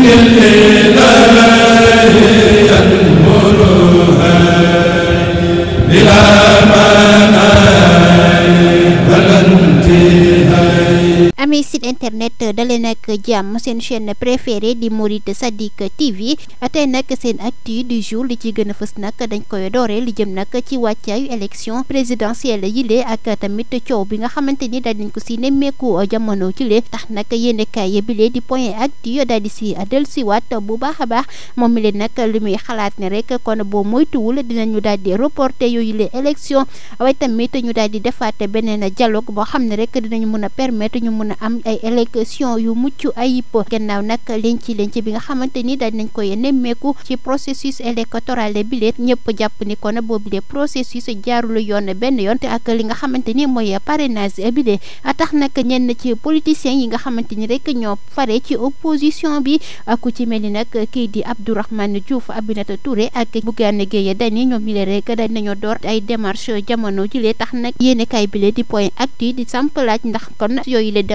la amee site internet eh, dalee nag jàmm seen chaîne préférée di Mouride Sadique TV tey nag seen actu du jour li ci gën a fës nag dañ koy dooree li jëm nag ci wàccaayu élection présidentielle yile ak tamit coow bi nga xamante ni daal nañ ko si nemmeeku jamono ci lee tax nag yéenekaay bi lee di point actu si di si dellusiwaat bu baax a baax moom mi leen nag li muy xalaat ne rek kon boo moytuwul dinañu daal di reporter yooyu les élections ñu daal di defaat beneen dialogue boo xam ne rek dinañu mën a permettre ñu mën mën a am ay élection yu mucc ayib gannaaw nag lenc lenc bi nga xamante ni dañ nañ koy nemmeeku ci processus électoral bi leen ñëpp jàpp ni kon boobu de processus jaarul yoon benn yoon te ak li nga xamante ni mooy parrainage bi de tax nag ñenn ci politiciens yi nga xamante ni rek ñoo fare ci opposition bi ku ci mel ni nag kii di Abdourahmane Diouf Aminata Touré ak Bougane Gueye Dany ñoom ñi leen rek dañ nañoo door ay démarche jamono ji lee tax nag yéene kaay bi lee di point actu di sampalaaj ndax kon yooyu lee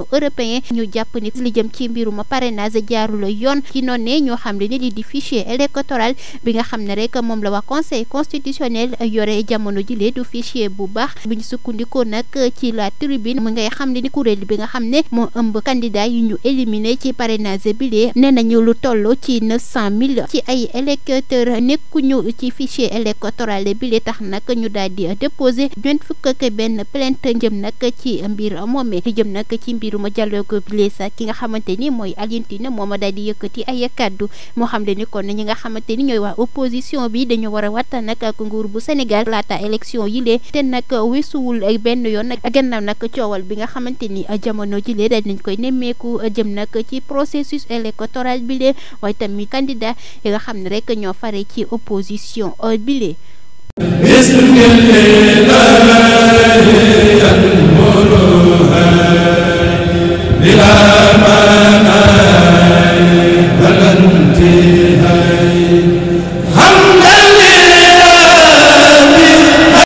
union européen ñu jàpp ni li jëm ci mbirum parrainage jaarula yoon ci noonu ñoo xam ne ni di di fichier électoral bi nga xam ne rek moom la waa conseil constitutionnel yore jamono jile du fichier bu baax bi ñu sukkandikoo nag ci la tribune mu ngay xam ne ni kuréel bi nga xam ne moo ëmb candidat yi ñu éliminé ci parrainage bi lee nee nañu lu toll ci neuf cent mille ci ay électeurs nekkuñu ci fichier électoral bi lee tax nag ñu daal di déposé ñeent fukk benn plainte jëm nag ci mbir moomee jëm nag ci mbir mbirum dialogue bi sax ki nga xamante ni mooy Alioune Tine moom daal di yëkkati ay kàddu moo xam ne ni kon ñi nga xamante ni ñooy wax opposition bi dañu war a watt nag ak nguur bu senegal laata élection yi lee te nag weesuwul benn yoon gannaaw nag coowal bi nga xamante ni jamono ji lee daal nañ koy nemmeeku jëm nag ci processus électoral bi lee waaye tamit candidat yi nga xam ne rek ñoo fare ci opposition bi lee بسم الله ila